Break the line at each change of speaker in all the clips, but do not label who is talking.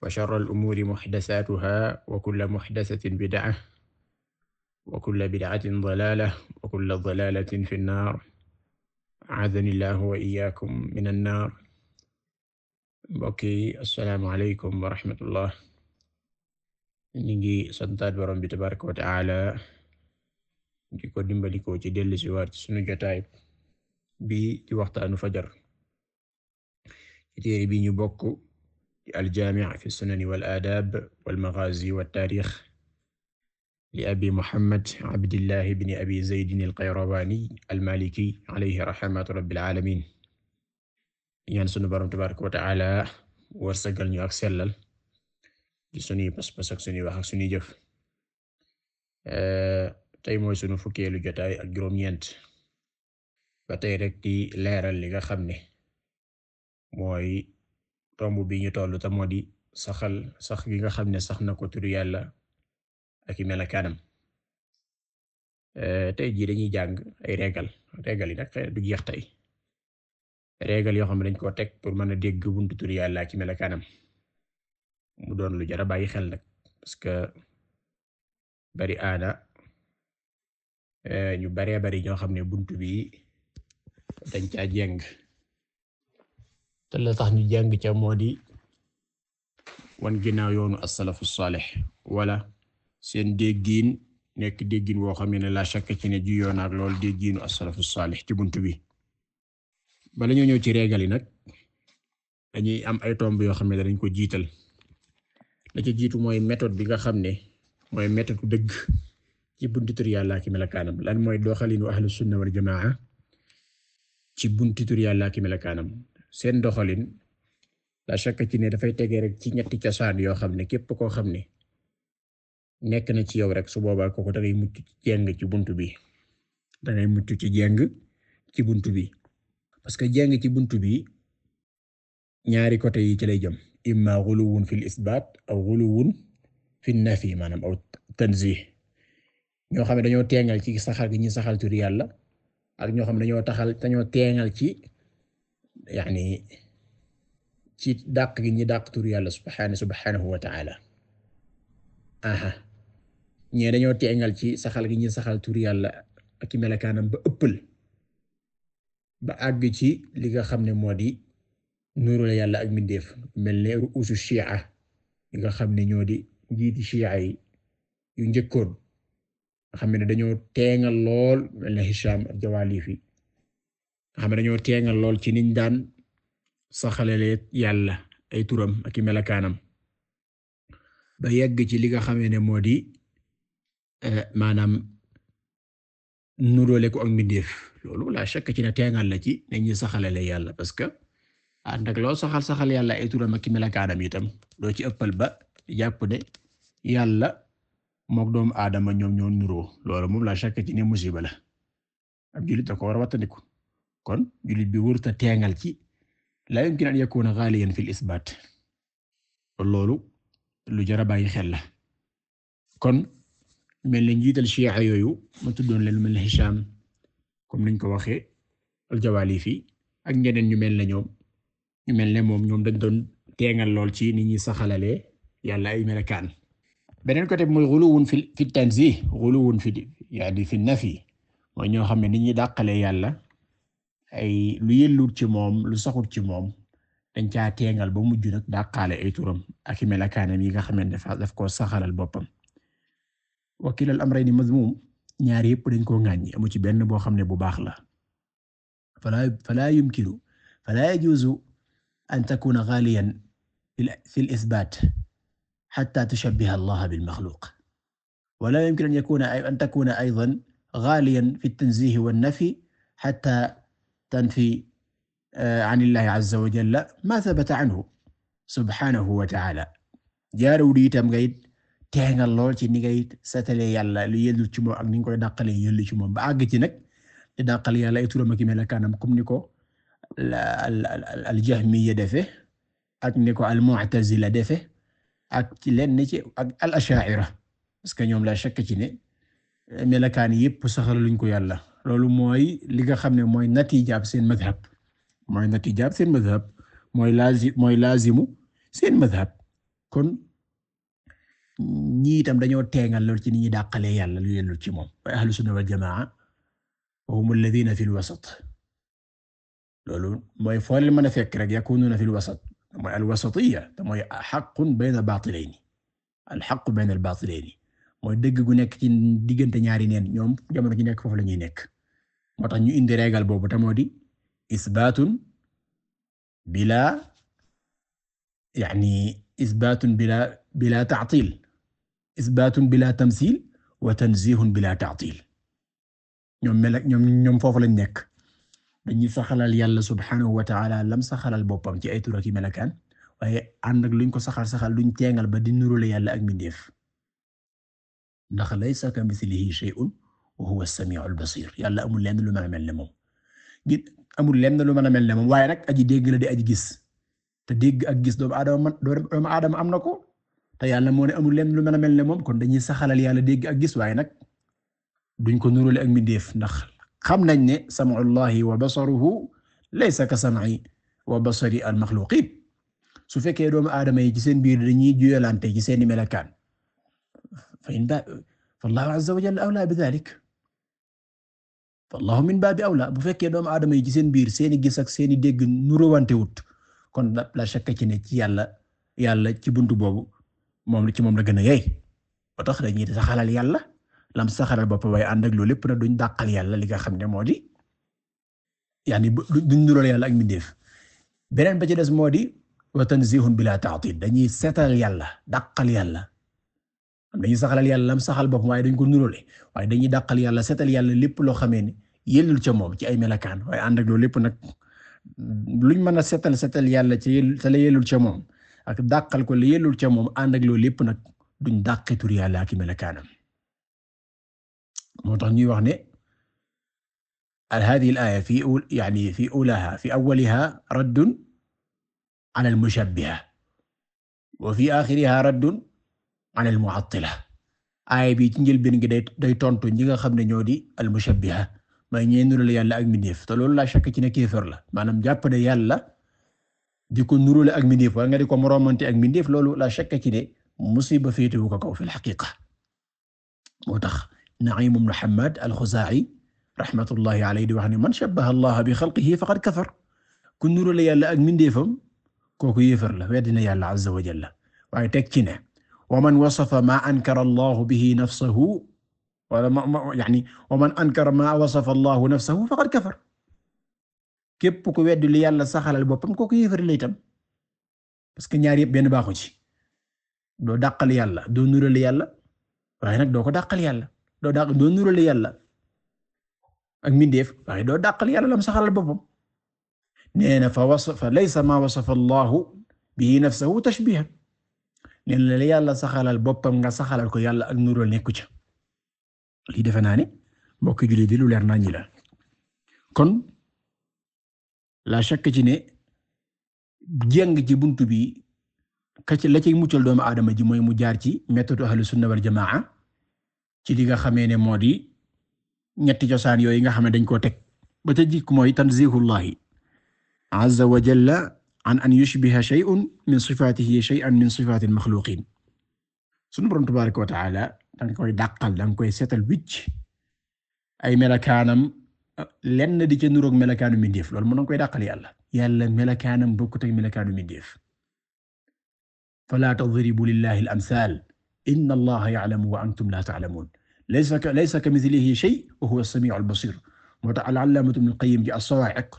wa sharral umuuri muhdasaatuhaa wa kulla muhdasatin bid'a wa kulla bid'atin dalaala wa kulla dalaalatin fi nnaar a'aadhani llaahu wa iyyaakum mina nnaar mbokk yi assalaamu aleykum wa rahmatullah ñu ngi santaat Boroom bi tabaaraka wa ta'aala di ko dimbali ko ci dellu si waat sunu jotaay bi di waxtaanu fajar ci téere bi ñu bokk aljaamic fi sunani wal aadaab wal maghaazi wat taariix li abi muhammad abdillahi ibn abi zaydin al-qayrawaani al-maaliki alayhi rahmatu rabbil aalamiin. ñaan sunu wa ta'aala ñu ak sellal ci sunuy pas-pas ak sunuy wax ak eh, sunu fukkeelu jotaay ak juróom-ñeent ba leeral li nga xam ne mooy. tomb bi ñu toll te moo di saxal sax gi nga xam ne sax na ko turu yàlla ak i melakaanam eh, tey jii dañuy jàng ay régal régal yi nag du jeex tey régal yoo xam ne dañ koo teg pour mën a dégg buntu turu yàlla ak i mu doon lu jar a bàyyi xel nag parce que bari aada eh, ñu baree bari ñoo xam ne buntu bi dañ caa jeng. la tax ñu jàng ca moo di wan ginnaaw yoonu as-salafu saalih wala seen déggiin nekk déggiin woo xam ne la shakka ci ne juyoo na ak loolu déggiinu as-salafu saalih ci buntu bi. bala ñoo ñëw ci régal yi nag dañuy am ay tomb yoo xam ne dañ ko jiital la ci jiitu mooy méthode bi nga xam ne mooy méthode dëgg ci buntu tur yàlla ak melakaanam lan mooy doxaliin doxalinu ahlu sunna wal jamaa ci buntu tur yàlla ak melakaanam. seen doxalin la chaque ci ne dafay tegee rek ci ñetti cosaan yoo xam ne képp koo xam ne nekk na ci yow rek su boobaa kooku da ngay mucc ci jeng ci buntu bi da mucc ci jeng ci buntu bi parce que jeng ci buntu bi ñaari côté yi ci lay jëm imma ghuluwun fil isbat aw ghuluwun fil nafi maanaam aw tanzih ñoo xam ne dañoo teengal ci saxal gi ñi saxal tur yàlla ak ñoo xam ne dañoo teengal ci yani ci dàq gi ñi dàq tur yàlla subhan subhanahu wa taala aha ñee dañoo teegal ci saxal gi ñi saxal tur yàlla ak i melakaanam ba ëppal ba àgg ci li nga xam ne moo di nuurul yàlla ak mindeef mel ne ruusu chia li nga xam ne ñoo di njiiti chia yu njëkkoon xam ne dañoo teeŋal lool mel ne Hisham ak Jawalifi xam ne dañoo teengal lool ci niñ daan saxalelee yàlla ay turam ak i melakaanam ba yegg ci li nga xamee ne moo di eh, maanaam nuróole ko ak mbindeef loolu la shakk ci ne teengal la ci ne ñuy saxalale yàlla parce que ànd ak loo saxal saxal yàlla ay turam ak i melakaanam itam doo ci ëppal ba jàpp ne yàlla mook doomu aadama ñoom ñoo nuroo loolu moom la shakk ci ne musiba la ab ko war a wattandiku kon jullit bi wërta teengal ci la yumkin an yakuna ghaliyan fil isbaat loolu lu jar a bàyyi xel la kon mel ni njiital shi'a yooyu ma tuddoon leen mel ne Hisham comme niñ ko waxee al-Jawali fii ak ñeneen ñu mel ne ñoom ñu mel ne moom ñoom dañ doon teengal lool ci ni ñuy saxalalee yàlla ay melakaan beneen côté mooy ghuluwun fi fi tanzih ghuluwun fi yani nafi mooy ñoo xam ne ni ñuy dàqalee yàlla ay lu yelluut ci moom lu saxut ci moom dañ caa teengal ba mujj nag dàqaale ay turam ak i melakaanam yi nga xamante dafa daf koo saxalal boppam wa kilal amrayni mazmum ñaar yëpp dañ koo ŋàññi amu ci benn boo xam ne bu baax la fala fala yumkinu fala yajuzu an takuna ghaliyan fi al isbat hatta tushabbiha Allah bil makhluq wala yumkinu an yakuna an takuna aydan ghaliyan fi at tanzih wan nafi hatta تنفي عن الله عز وجل ما ثبت عنه subhanahu wa taala jaarawul itam ngay teengal lool ci ni ngay setalee yàlla lu yellu ci moom ak ni ko koy dàqalee yellu ci moom ba àgg ci nag di dàqal yàlla ay turam ak melokaanam comme ni ko al jahmiya defe ak ni ko al mu'tazila defe ak ci lenn ci ak al ashaira parce que ñoom la shakk ci ne melokaan yépp saxaluñ ko yàlla loolu mooy li nga xam ne mooy natijaab seen madhab mooy natijaab seen madhab mooy laazim mooy laazimu seen madhab kon ñi itam dañoo teengal lool ci ni ñuy dàqalee yàlla lu yellul ci moom wa ahlu sunna wal jamaa wa hum alladhina fil wasat loolu mooy foo leen mën a fekk rek yakununa fil wasat mooy al wasatiyya te mooy haqqun bayna baatilayni al haqqu bayna al baatilayni mooy dëgg gu nekk ci diggante ñaari neen ñoom jamono ji nekk foofu la ñuy nekk moo tax ñu indi régal boobu tamoo di isbaatun bila yani isbaatun bila bila ta'til isbaatun bila tamsil wa tanzihun bila ta'til ñoom mel ñoom ñoom foofu lañ nekk dañuy saxalal yàlla subhanahu wa lam saxalal boppam ci ay tur ak melokaan waaye ànd ak luñ ko saxal saxal luñ teengal ba di nurule yàlla ak mindeef ndax laysa ka mislihi shay'un wa huwa as-sami'ul basir yàlla amul lenn lu mën a mel ne moom gi amul lenn lu mën mel ne moom waaye nag aji dégg la di aji gis te dégg ak gis doomu aadama doomu aadama am na ko te yàlla moo ne amul lenn lu mën a mel ne moom kon dañuy saxalal yàlla dégg ak gis waaye nag duñ ko nuróole ak mbindeef ndax xam nañ ne sama sam'ullahi wa basaruhu laysa ka sam'i wa basari al-makhluqin su fekkee doomu adama yi ci seen biir dañuy juyalante ci seeni melakaan fa in ba wallahu azza wa jalla awla bi dhalik wallahu min baabi awla bu fekkee doom aadama yi seen biir seeni gis ak seeni dégg nurowante wut kon la shakka ci ne ci yàlla yàlla ci bunt boobu moom li ci moom la gën a yey ba tax dañuy saxalal yàlla lam saxalal bopp waaye ànd ak lépp nag duñ dàqal yàlla li nga xam ne moo di yaani duñ nuróol yàlla ak mbindeef beneen ba ci des moo di wa tanzihun bila ta'til dañuy seetal yàlla dàqal yàlla am dañuy saxalal yàlla lam saxal boppam waaye dañ ko nuróole waaye dañuy dàqal yàlla setal yàlla lépp loo xamee ne yellul ca moom ci ay melakaan waaye ànd ak loolu lépp nag luñ mën a setal setal yàlla ca te la yellul ca moom ak dàqal ko la yellul ca moom ànd ak loolu lépp nag duñ dàqe tur yàlla ak i melakaanam moo tax ñuy wax ne hadihi al-aaya fi yani fi ulaha fi awwaliha raddun ala al-mushabbiha wa fi aaxiriha raddun anil mu'attila aaya bi ci njëlbéen gi day day tontu ñi nga xam ne ñoo di al mushabbiha may ñee nurale yàlla ak mindeef te loolu laa shakk ci ne kéefër la maanaam jàpp ne yàlla di ko nurale ak mindeef wala nga di ko moromante ak mindeef loolu laa shakk ci ne musiba féetewu ko kaw fil haqiqa moo tax Na'iim ibn Hammad al-Xuzaa'i rahmatullahi alayhi di wax ne man shabbaha Allah bi xalqihi faqad kafar ku nurale yàlla ak mindeefam kooku yéefar la weddi na yàlla azza wa jalla waaye teg ci ne wa man wasafa maa ankara allahu bihi nafsahu wala ma ma yani wa man ankara maa wasafa allahu nafsahu faqad kafar képp ku weddi li yàlla saxalal boppam kooku yéefar la itam parce que ñaar yëpp benn baaxu ci doo dàqal yàlla doo nural yàlla waaye nag doo ko dàqal yàlla doo dàq doo nural yàlla ak mindeef waaye doo dàqal yàlla lam saxalal boppam nee na fa wasafa laysa maa wasafa allahu bihi nafsahu tashbihan nee la yàlla saxalal boppam nga saxalal ko yàlla ak nuróol nekku ca lii defe naa ne mbokk jullit di lu leer naa ñi la kon la chaque ci ne jàng ci buntu bi ka ci la cay muccal doomu aadama ji mooy mu jaar ci méthode ahlu sunna wal jamaa ci li nga xamee ne moo di ñetti cosaan yooyu nga xam ne dañ koo teg ba ca jikk mooy tanzihullahi azza wa an an yushbiha shay'un min sifatihi shay'an min sifati al-makhluqin sunu borom tabaaraka wa ta'ala danga koy dàqal danga koy seetal wicc ay melakaanam lenn di ca nuroog melakaanu mindeef loolu mën na koy dàqal yàlla yàlla melakaanam bokkut ak melakaanu mindeef falaa tadribu lillahi al-amthal inna allaha ya'lamu wa antum la ta'lamun laysa laysa kamithlihi shay' wa huwa as-sami'u al-basir moo tax al-allamatu ibn al-qayyim ji as-sawa'iq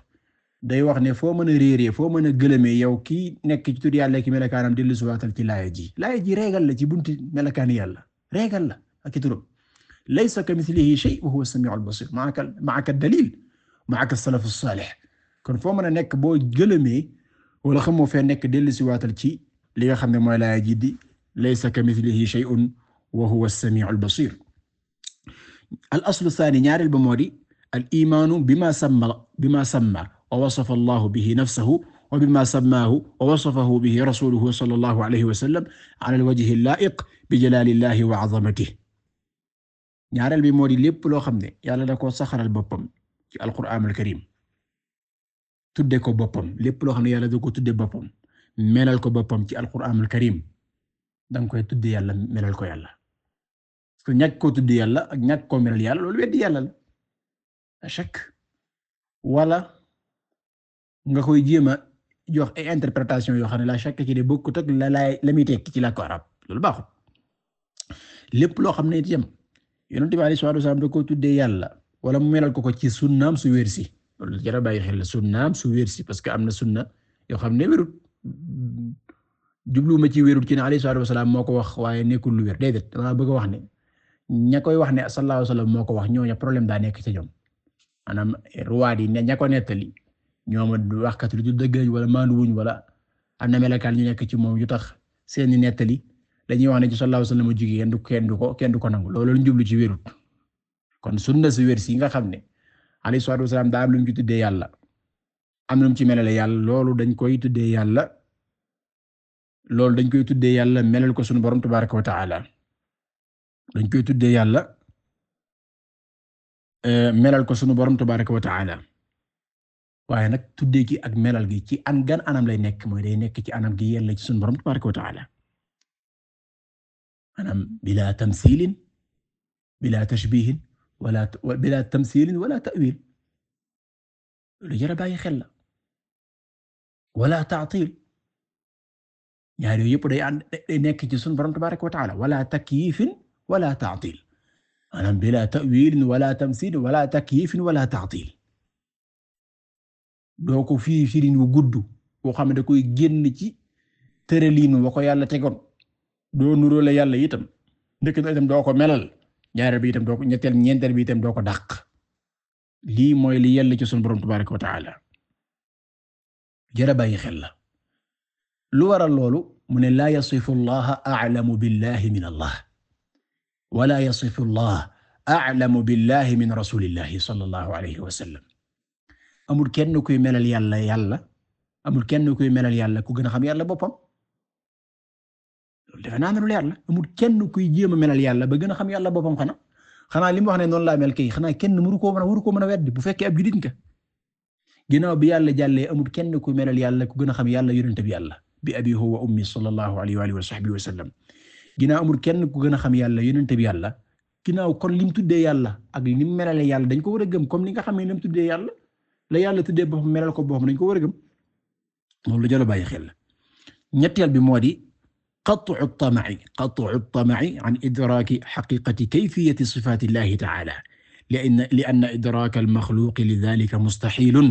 day wax ne foo mën a réeree foo mën a gëlëmee yow kii nekk ci tur yàlla ki melakaanam dellu suwaatal ci laaya ji laaya ji reegal la ci bunti melakaan yàlla reegal la ak ci turam laysa ka mithlihi shay wa huwa as-sami'u al-basir ma'aka ma'aka dalil ma'aka as-salaf as-salih kon foo mën a nekk boo gëlëmee wala xamoo fee nekk dellu suwaatal ci li nga xam ne mooy laaya ji di laysa ka mithlihi shay'un wa huwa as-sami'u al-basir al-aslu ath-thani ñaareel ba moo di al-imaanu bima samma bima samma wa wasafa allahu bihi nafsahu wa bima sammaahu wa wasafahu bihi rasuluhu sallallahu alayhi wa sallam ala alwajhi laa'iq bi jalaalillahi wa azamatihi ñaareel bi moo di lépp loo xam ne yàlla da koo saxaral boppam ci alquraan alkarim tudde ko boppam lépp loo xam ne yàlla da ko tudde boppam melal ko boppam ci alquraan alkarim danga koy tudde yàlla melal ko yàlla parce que ñàkk koo tudde yàlla ak ñàkk koo melal yàlla loolu weddi yàlla la shakk wala nga koy jéem a jox ay interprétation yoo xam ne la chaque ci de bokkut ak la laay la muy ci làkku arab loolu baaxul lépp loo xam ne itam yonent bi sallallahu alayhi wasallam da yàlla wala mu melal ko ko ci sunnaam su wér si loolu jara bàyyi xel sunnaam su wér si parce que am na sunna yoo xam ne wérut jubluuma ci wérut ci ne alayhi salaatu wasalaam moo ko wax waaye nekkul lu wér bëgg wax ne ña koy wax ne sallallahu alayhi wasallam moo ko wax ñooña problème daa nekk ci ñoom maanaam ruwaat yi ñoom waxkat lu dul wala maandu wuñ wala am na melokaan ñu nekk ci moom ju tax seeni nettali dañuy wax ne ci sallallahu alayhi wasallam jugee kenn du kenn du ko kenn ko nangu loolu lañ ci wérut kon sunna si wér si nga xam ne alay salaatu wasalaam daa am lu ci tuddee yàlla am lu mu ci melale yàlla loolu dañ koy tuddee yàlla loolu dañ koy tuddee yàlla melal ko sunu borom tabaaraka wa ta'ala dañ koy tuddee yàlla eh, melal ko sunu borom tabaaraka wa waaye nag tuddee gi ak melal gi ci an gan anam lay nekk mooy day nekk ci anam gi yella ci sunu borom tabaraka wa taala maanaam bila tamsilin bila tashbihin wala ta'wil lu jar a bàyyi xel la wala ta'til ñaar yooyu yëpp day ànd day nekk ci sunu borom tabaraka wa taala wala takyifin wala doo ko fii firin wu gudd boo xam ne da koy génn ci tërëliin wa ko yàlla tegoon doo nuróole yàlla itam ndëkk na itam doo ko melal ñaareel bi itam doo ko ñetteel ñeenteel bi doo ko dàq lii mooy li yàlla ci sunu borom tabaaraka wa taala jërë bàyyi xel la lu waral loolu mu ne laa yasifu allaha a'lamu billahi min allah wala yasifu allah a'lamu billahi min rasulillahi sallallahu alayhi wa sallam amul kenn kuy melal yàlla yàlla amul kenn kuy melal yàlla ku gën a xam yàlla boppam loolu defe naa melul yàlla amul kenn ku jéem a melal yàlla ba gën a xam yàlla boppam xanaa xanaa li mu wax ne noonu laa mel kay xanaa kenn waru ko mën a waru koo weddi bu fekkee ab jullit nga ginnaaw bi yàlla jàllee amul kenn ku melal yàlla ku gën a xam yàlla yonent bi yàlla bi abihi wa ummi sallallahu alayhi wa alihi wa sahbihi wa sallam ginnaaw amul kenn ku gën a xam yàlla yonent bi yàlla ginnaaw kon lim tuddee yàlla ak lim melale yàlla dañ ko war a gëm comme li nga xam ne lim tuddee la yàlla tuddee boppam melal ko boppam dañ ko war a gëm loolu lu jëla bàyyi xel ñetteel bi moo di qat'u at-tama'i qat'u at-tama'i an idraki haqiqati kayfiyati sifati llahi ta'ala li'anna idraka al-makhluqi lidhalika mustahilun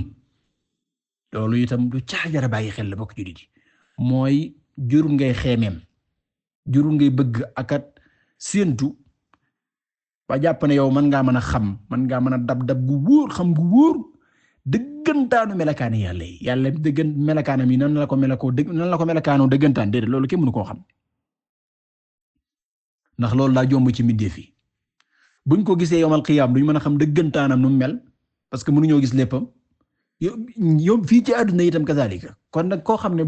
loolu itam lu caajara bàyyi xel la bokk julit yi mooy jurul ngay xeemeem jurul ngay bëgg akat séentu ba jàpp ne yow mën ngaa mën a xam mën ngaa mën a dab dab gu wóor xam gu wóor dëggantaanu melakaani yàlla yi yàlla dëggan melakaanam yi na la ko melakoo dëgg nan la ko melakaanoo dëggantaan déedéet loolu kenn mënu koo xam ndax loolu daa jomb ci mbindeef yi buñ ko gisee yowmal qiyaam duñ mën a xam dëggantaanam nu mel parce que mënuñoo gis léppam yow fii ci àdduna itam kazaalika kon nag koo xam ne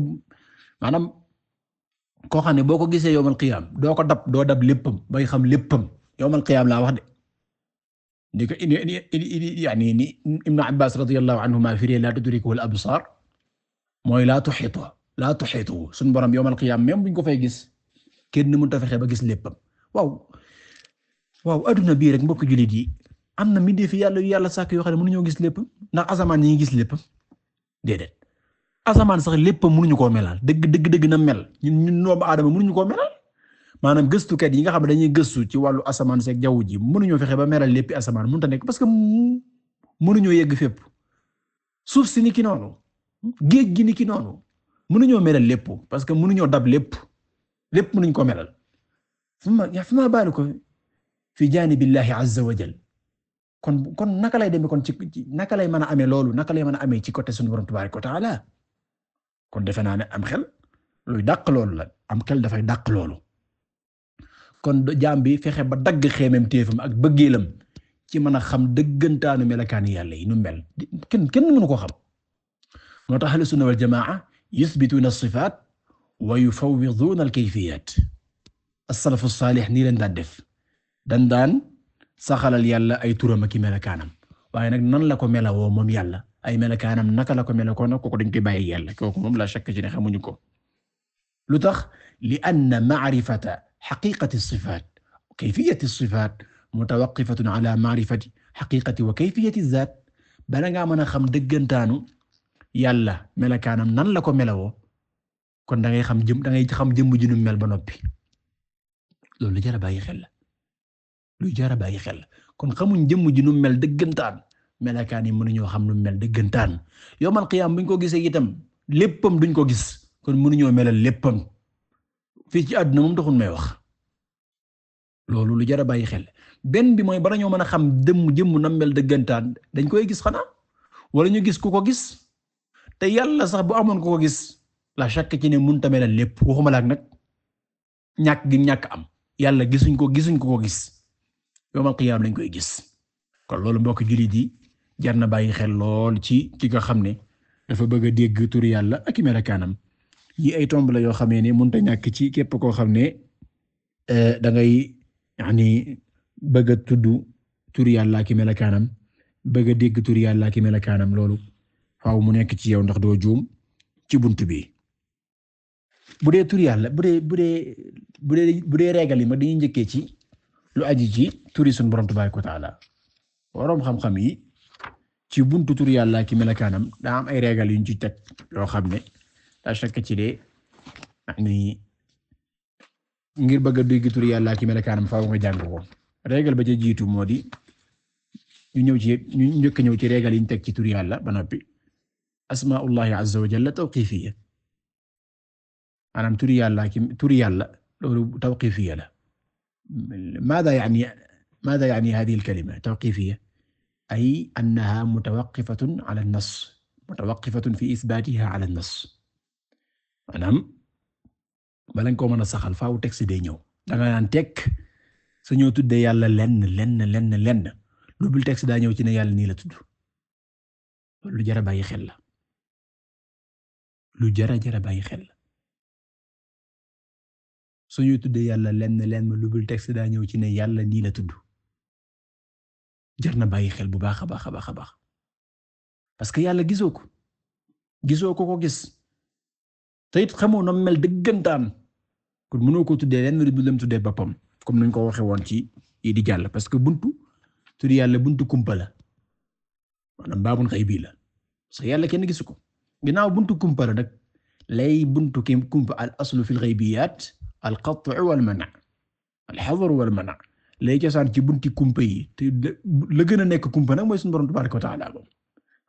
maanaam koo xam ne boo ko gisee yowmal qiyaam doo ko dab doo dab léppam bay xam léppam yowmal qiyaam laa wax de. ni ko yani ni Ibn Abbas radiyallahu anhuma firee laa tudrikuhu al absar mooy laa tuxitu laa tuxitu suñu borom yawmal qiyaam même buñ ko fay gis kenn mënut a fexe ba gis léppam waaw waaw adduna bii rek mbokk jullit yi am na mbindeef yàlla yu yàlla sàkk yoo xam ne mënuñoo gis lépp ndax asamaan ñi ngi gis lépp déedéet asamaan sax lépp mënuñu koo melal dëgg dëgg dëgg na mel ñun ñun doomu aadama mënuñu koo melal maanaam gëstukat yi nga xam ne dañuy gëstu ci wàllu asamaan seeg jaww ji mënuñoo fexe ba meral lépp asamaan mënut a nekk parce que mënuñoo yegg fépp suuf si ni géej gi ni ki noonu mënuñoo meral lépp parce que mënuñoo dab lépp lépp mënuñ ko meral fu ma yaa fu ma baalu ko fi jaanibillahi azza wa jal kon kon naka lay demee kon ci naka lay mën a amee loolu naka lay mën a amee ci côté sunu borom tabaaraka wa taala kon defe naa ne am xel luy dàq loolu la am xel dafay dàq loolu. kon jaam bi fexe ba dagg xeemem téefam ak bëggeelam ci mën a xam dëggantaanu melakaani yàlla yi nu mel kenn kenn mënu ko xam moo tax ahlu sunna wal jamaa yuthbituuna as-sifaat wa yufawwiduuna al-kayfiyaat as-salaf as-saalih nii leen daan def dan daan saxalal yàlla ay turam ak i melakaanam waaye nag nan la ko melawoo moom yàlla ay melakaanam naka la ko melakoo nag kooku dañ koy bàyyi yàlla kooku moom la shakk ci ne xamuñu ko lu tax li anna ma'rifata xaqiqati sifaat kayfiyati sifaat mutawaqqifatun ala maarifati xaqiqati wa kayfiyati zaat bala ngaa mën a xam dëggantaanu yàlla melakaanam nan la ko melawoo kon da ngay xam jëm da ngay xam jëmm ju nu mel ba noppi loolu lu jar a bàyyi xel la lu jar a bàyyi xel la kon xamuñ jëmm ju nu mel dëggantaan melakaan yi mënuñoo xam nu mel dëggantaan yawmal qiyaam buñ ko gisee itam léppam duñ ko gis kon mënuñoo melal léppam. fii ci àdduna moom taxul may wax loolu lu jar a bàyyi xel benn bi mooy ba dañoo mën a xam dëmm jëmm na mel dëggantaan dañ koy gis xanaa wala ñu gis ku ko gis te yàlla sax bu amoon ku ko gis la chaque ci ne mënut a melal lépp waxuma laak nag ñàkk gi ñàkk am yàlla gisuñ ko gisuñ ko ko gis yawmal qiyaam lañ koy gis kon loolu mbokk jullit yi jar bàyyi xel lool ci ki nga xam ne dafa bëgg a dégg turu yàlla ak i melakaanam yi ay tomb la yoo xamee ne mënut a ñàkk ci képp koo xam ne eh, da ngay yaani bëgg a tudd tur la ki melakaanam bëgg a dégg tur yàlla ki melakaanam loolu faaw mu nekk ci yow ndax doo juum ci bunt bi. bu dee tur yàlla bu dee bu dee bu régal yi ma dañuy njëkkee ci lu aji ci turi sunu borom tabaaraka wa taala xam-xam yi ci buntu tur yàlla ki melakaanam daa am ay régal yu ñu ci teg yoo xam ne. laa shakka ci dee yani ngir bëgg a dégg tur yàlla ci melakaanam faaw nga jàng ko régal ba ca jiitu moo di ñu ñëw ci ñu njëkk ñëw ci régal yi ñu teg ci tur yàlla ba noppi asmaullahi azza wa jalla tawqifiyya maanaam tur yàlla ki tur yàlla loolu tawqifiyya la maada yani maada yani hadihi al-kalima tawqifiyya ay annaha mutawaqqifatun ala an-nass mutawaqqifatun fi ithbatiha ala an-nass maanaam bala nga koo mën a saxal faaw texte day ñëw da nga naan tekk ñëw tuddee yàlla lenn lenn lenn lenn lu dul texte daa ñëw ci ne yàlla nii la tudd lu jara bàyyi xel la lu jara jara bàyyi xel la su ñuy yàlla lenn lenn lu dul texte daa ñëw ci ne yàlla nii la tudd jar na bàyyi xel bu baax a baax a baax yàlla gisoo ko gisoo ko ko gis. te it xamoo na mel dëggantaan kon mënoo ko tuddee lenn du leen tuddee boppam comme nañ ko waxee woon ci yi di jàll parce que buntu tudd yàlla buntu kumpa la maanaam baabun xëy bii la yàlla kenn gisu ko ginnaaw buntu kumpa la nag lay buntu ki kumpa al aslu fil xaybiyaat al qat'u wal mana al xadar wal mana lay cosaan ci bunti kumpa yi te la gën a nekk kumpa nag mooy suñu borom tabaaraka wa taala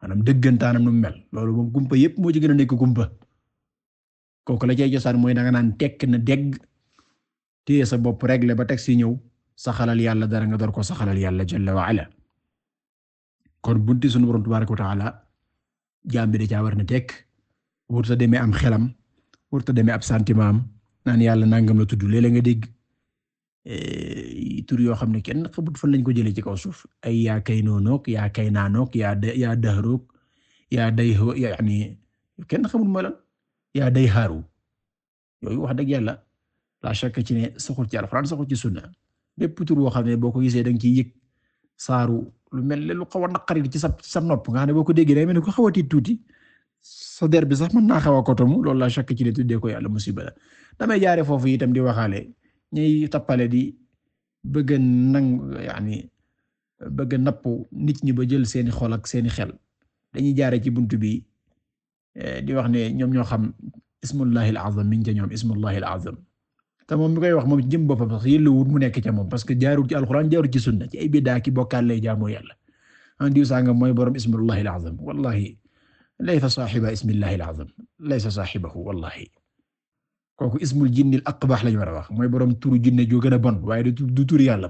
maanaam dëggantaanam nu mel loolu moom kumpa yépp moo ci gën a nekk kumpa. kooku la cay cosaan mooy danga naan tekk na dégg téye sa bopp régler ba teg si ñëw saxalal yàlla dara nga door ko saxalal yàlla jalla wa ala kon bunti sunu borom jaam bi da caa war na tekk wurta deme am xelam wurta demee ab sentiment am naan yàlla nangam la tudd léeg-léeg nga dégg eh, tur yoo xam ne kenn xamut fa lañ ko jëlee ci kaw suuf ay yaa kay noonook yaa kay naanook yaa yaa dahrook yaa day yani kenn xamul ma yaa day xaaru yooyu wax dëgg yàlla la shakk ci ne saxul ci alxuraan saxul ci sunna bépp tur woo xam ne boo ko gisee da nga ciy yëg saaru lu mel ne lu xaw a naqari ci sa sa nopp nga xam ne boo ko déggee day mel ko xaw tiit tuuti sa bi sax mën naa xaw a kotamu loolu la shakk ci tuddee ko yàlla musiba la damay jaare foofu itam di waxaale ñuy tappale di bëgg nang yaani bëgg napp nit ñi ba jël seeni xol ak seeni xel dañuy jaare ci buntu bi Eh, di wax ne ñoom ñoo xam ismullahi al-azam min ca ñoom ismullahi al-azam te moom mi koy wax moom jëm boppam sax yëlla wut mu nekk sunna ci ay bidaa ki bokkaal lay jaamoo yàlla an borom ismullahi al-azam wallahi laysa saaxiba ismillahi al-azam laysa saaxibahu wallahi kooku ismul jinni al-aqbax a wax mooy borom turu jinne joo a bon waaye du turu yàlla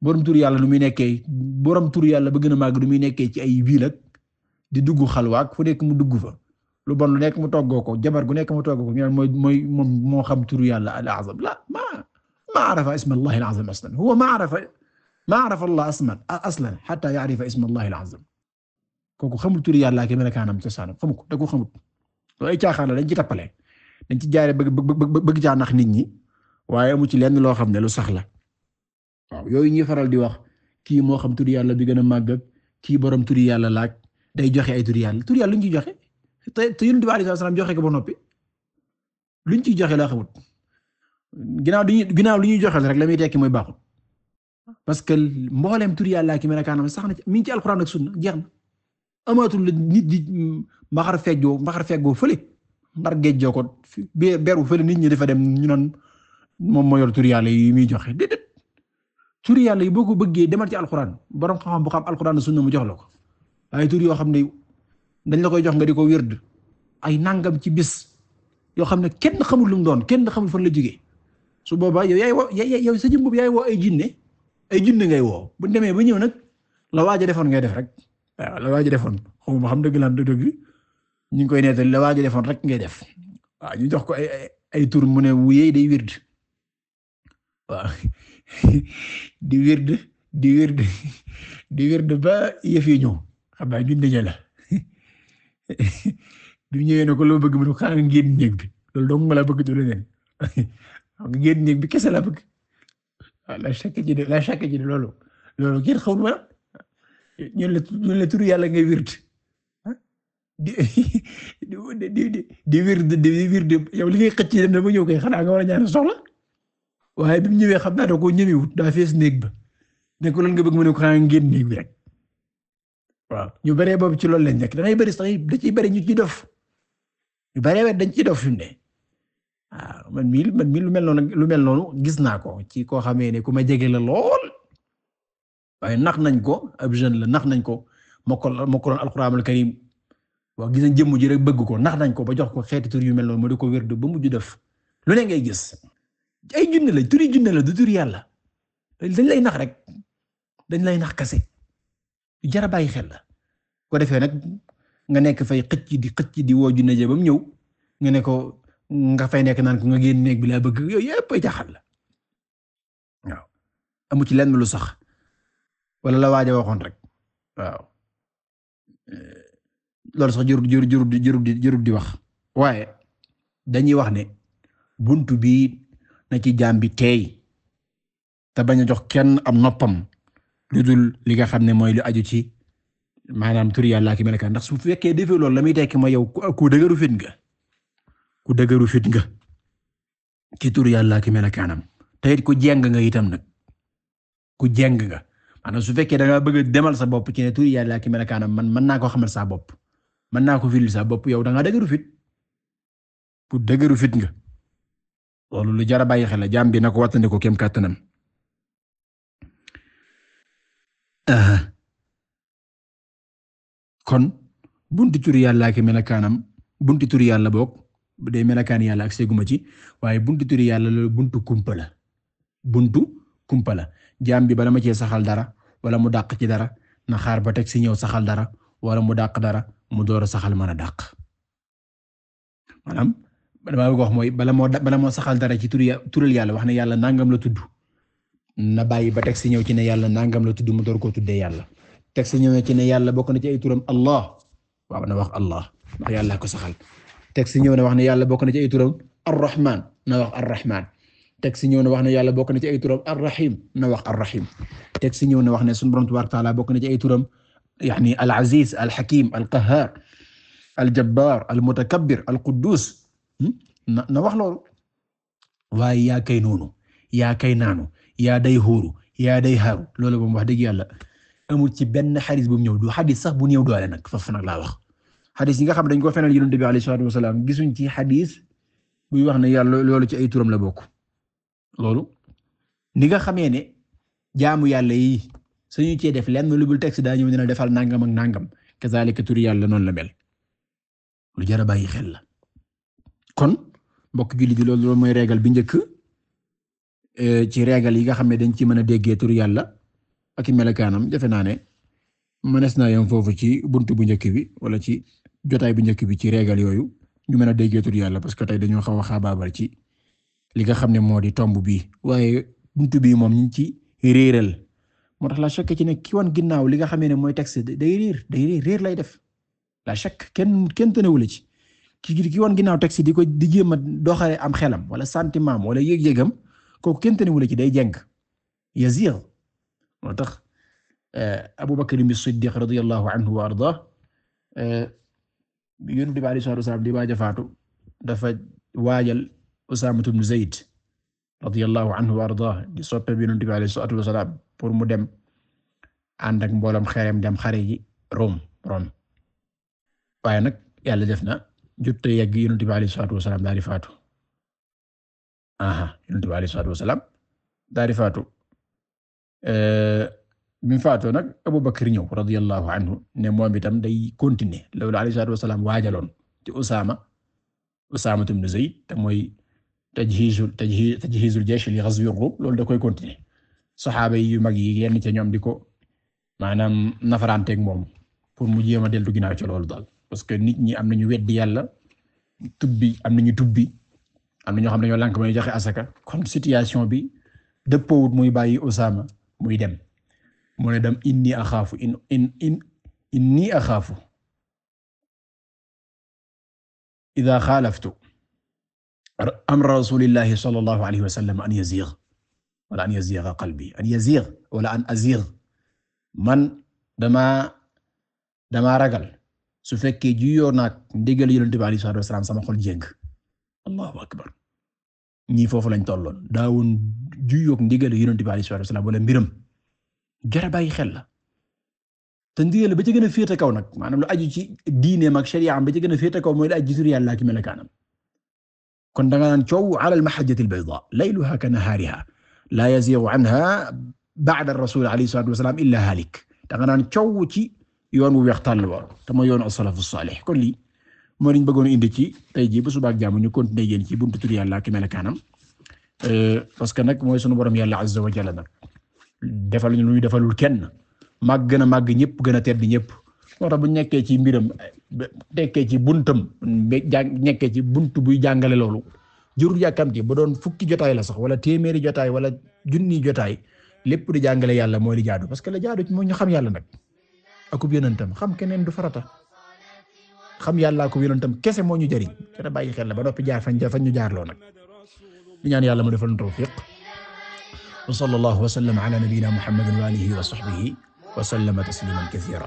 borom turu yàlla nu muy nekkee borom a ci ay wiil di dugg xalwaak fu mu dugg fa lu bon lu nekk mu toggoo ko jabar gu nekk mu toggoo ko ñu naan mooy mooy moom moo xam turu yàlla al azam la ma ma arafa isma allah al azam aslan huwa ma arafa ma arafa allah asman aslan hatta ya'rifa isma allah al azam kooku xamul turu yàlla ak melokaanam cosaanam xamu ko da ko xamut loolu ay caaxaan la dañ ci tappale dañ ci jaare bëgg bëgg bëgg caa nax nit ñi waaye amu ci lenn loo xam ne lu sax la waaw yooyu ñuy faral di wax kii moo xam turu yàlla bi gën a màgg ak kii borom turu yàlla laaj day joxe ay turu yàlla turu yàlla lu ñu ciy joxe te te yonent bi alayhi joxe ba noppi luñ ciy joxe laa xamut du ñuy ginnaaw lu ñuy joxe rek la muy tekki mooy baaxul parce que mbooleem tur yàlla ki melakaanam sax na ci mi ngi ci alxuraan ak sunna jeex la nit di mbaxar feejoo mbaxar feejoo fële ndar géejoo ko beeru nit ñi dafa dem ñu naan moom moo yor tur yi muy joxe déedéet tur yi boo ko bëggee demal ci alxuraan borom xam-xam bu xam alxuraan sunna mu jox la ko xam ne. dañ la koy jox nga di ko wird ay nangam ci bis yoo xam ne kenn xamul lu doon kenn xamul fan la jógee su boobaa yow sa jëm boobu yaay woo ay jinne ay jinne ngay woo bu demee ba ñëw nag la waaj defoon ngay def rek waaw la waaj a defoon xamuma xam dëgg laa dëgg ñu ngi koy neetal la waaj a defoon rek ngay def waaw ñu jox ko ay ay tur mu ne wuyee day wird waaw di wird di wird di wird ba yëf yi ñëw xam naa junne bi ñëwee ne ko loo bëgg mu ne xanaa ngeen néeg bi loolu dong la bëgg du leneen ngeen néeg bi kese ah, la bëgg la chaque ji de la chaque loolu loolu kenn xawul ma ñun la ñun la turu yàlla ngay wird ah? di di di di wird di wird yow li ngay xëcc dem na ba ñëw kay xanaa nga war a ñaan soxla waaye bi mu ñëwee xam naa da koo ñëwee wut daa fees néeg ba ne ko nga bëgg mu ne ko xanaa ngeen néeg bi rek. waaw ñu bëree boobu ci loolu lañ nekk da ngay bëri da ciy bëri ñu ci dof ñu bëree dañ ciy dof fi mu ne waaw man mii lu mel noonu lu mel noonu gis naa ko ci koo xamee ne ku ma jege la lool waaye nax nañ ko ab jeune la nax nañ ko mokkal mokkaloon alxuraanul karim waaw gis nañ jëmm ji rek bëgg ko nax nañ ko ba jox ko xeeti tur yu mel noonu ma di ko wér ba mujj def lu ne ngay gis la turi junne la du tur yàlla dañ lay nax rek dañ lay nax kase. jara bàyyi xel la ko defee nag nga nekk fay xëcc di xëcc di woo junne ja ba ñëw nga ne ko nga fay nekk naan ko nga génn néeg laa bëgg yooyu yëpp ay jaxal la waaw ci lenn lu sax wala la waaja waxoon rek waaw eh, loolu sax jurut jurut jurut jurut di di wax waaye dañuy wax ne bunt bi na ci jaam bi teey te bañ a jox kenn am noppam lu dul li nga xam ne mooy lu aju ci maanaam tur yàlla ak melakaan ndax su fekkee defee loolu la muy tekki mooy yow ku dëgëru fit nga ku dëgëru nga ci tur yàlla ak melakaanam ku jeng nga itam nag ku jeng nga maanaam su fekkee da bëgg demal sa bopp ci ne tur yàlla ak man mën naa ko xamal saa bopp mën naa ko firil sa bopp yow danga nga dëgëru fit ku dëgëru fit nga loolu lu jar a bàyyi xel la jaam bi na ko wattandiku kem kàttanam kon bunti tur yàlla ak melakaanam bunti tur yàlla boog bu dee melakaan yàlla ak seguma ci waaye bunti tur yàlla loolu buntu kumpa la buntu kumpa jaam bi bala ma cee saxal dara wala mu dàq ci dara na xaar ba teg ci ñëw saxal dara wala mu dàq dara mu door a saxal mën a dàq maanaam damaa bëgg wax mooy bala moo bala moo saxal dara ci tur yàlla wax ne yàlla nangam la tudd. na bàyyi ba teg si ñëw ci ne yàlla nangam loo tudd mu door koo tuddee yàlla teg si ñëw ci ne yàlla bokk na ci ay turam allah waaw na wax allah ndax yàlla ko saxal teg si ñëw na wax ne yàlla bokk na ci ay turam na wax arrahman teg si ñëw na wax ne yàlla bokk na ci ay turam arrahim na wax arrahim teg si ñëw na wax ne sunu borom tabaaraka taala bokk na ci ay turam yani al aziz al hakim al qahhar al jabbar al mutakabbir al quddus hmm? na na wax loolu waaye yaa kay yaa day xóoru yaa day xaaru loolu moom wax dëgg yàlla amul ci benn xadis bu ñëw du xadis sax bu néew doole nag foofu nag laa wax xadis yi nga xam dañ ko fenal yonent bi alayhi salaatu wasalaam gisuñ ci xadis wax ne yàlla loolu ci ay turam la bokk loolu ni nga xamee ne jaamu yàlla yi suñu cee def lenn lu bul texte daa ñëw dina defal nangam ak nangam kazaalika turi yàlla noonu la mel lu jar a bàyyi xel la kon mbokk julli di loolu mooy régal bi njëkk Eh, ci régal yi nga xam ne dañ ci mën a déggee tur yàlla ak i melokaanam defe naa ne mënees naa yem foofu ci buntu bu njëkk bi wala ci jotaay bu njëkk bi ci régal yooyu ñu mën a déggee tur yàlla parce que tey dañoo xaw a xaabaabal ci li nga xam ne moo di tomb bii waaye buntu bii moom ñu ci réeral moo tax la chèque ci ne ki wan ginnaaw li nga xam ne mooy texte day réer day réer lay def la chèque kenn kenn tënewul ci ki ki wan ginnaaw texte di ko di jéem a doxalee am xelam wala sentiment wala yëg-yëgam. kooku kenn tëniwul ci day jeng yaziigh moo tax eh, Abu Bakr as-Siddiq radiyallahu anhu wa ardaah eh, Yonent bi alayhi salaatu wa salaam di waaja faatu dafa waajal Usaama ibn Zayd radiyallahu anhu wa ardaah di soppe bi Yonent bi alayhi salaatu wa salaam pour mu dem ànd ak mbooloom xeeram dem xare ji Rome Rome waaye nag yàlla def na jot a yegg Yonent bi alayhi salaatu wa salaam daal di faatu. aha yonent bi alayhi salaatu wasalaam daal di faatu eh, bi mu faatoo nag Abu Bakr ñëw radiyallahu anhu ne moom tam day continuer loolu alayhi salaatu wasalaam waajaloon ci Usaama Usaama ibn Zayd te mooy tajhiizul tajhiiz tajhiizul jaysh li ghazwi Rum loolu da koy continuer saxaaba yu mag yi yenn ca ñoom di ko maanaam nafaraanteeg moom pour mu jéem a dellu ginnaaw ci loolu daal parce que nit ñi am nañu weddi yàlla tubbi am nañu tubbi am na ñoo xam ne dañoo lànk may joxe asaka kon situation bi dëppoowut muy bàyyi Usaama muy dem mu ne dem inni axaafu in in in inni axaafu ida xaalaftu amra rasulillahi sallallahu alayhi wa sallam an yaziigh wala an yaziigha qalbi an yaziigh wala an aziigh man damaa damaa ragal su fekkee juyoo naag ndigal Yonent bi alayhi salaatu wa salaam sama xol jéng allahu akbar ñii foofu lañ tolloon daawoon juyoog ndigalu yonent bi alayhi salaatu wasalaam wala mbiram jara bàyyi xel la te ndigal ba ci gën a féete kaw nag maanaam lu aju ci diineem ak sharia am ba ci gën a féete kaw mooy lu aju ci tur yàlla ki melakaanam kon da nga naan coow ala al-mahajjati al-bayda layluha ka nahaariha laa yazighu anha ba'da ar-rasul alayhi salaatu wasalaam illa haalik da nga naan coow ci yoon wu weex tàll te mooy yoonu as-salafu as-saalih kon lii mooy li ñu bëggoon indi ci tey jii bu subaa ak jàmm ñu continuer yéen ci buntu tur yàlla ak melokaanam euh, parce que nag mooy sunu borom yàlla azza wa jalla nag defal ñu lu ñu defalul kenn màgg gën a màgg ñëpp gën a tedd ñëpp moo tax bu nekkee ci mbiram nekkee ci buntam nekkee ci buntu buy jàngale loolu jurul yàkkamti ba doon fukki jotaay la sax wala téeméeri jotaay wala junni jotaay lépp di jàngale yàlla mooy li jaadu parce que la jaadu mooy ñu xam yàlla nag akub yonentam xam keneen du farata. xam yàllaa ko yonentam kese moo ñu jëriñ te bàyyi xel la ba noppi jaar fañ fañ ñu jaarloo nag di ñaan yàlla mu defal ñu tawfiq wa sallallahu wa sallam ala nabiyyina muhammadin wa alihi wa sahbihi wa sallama tasliman kathira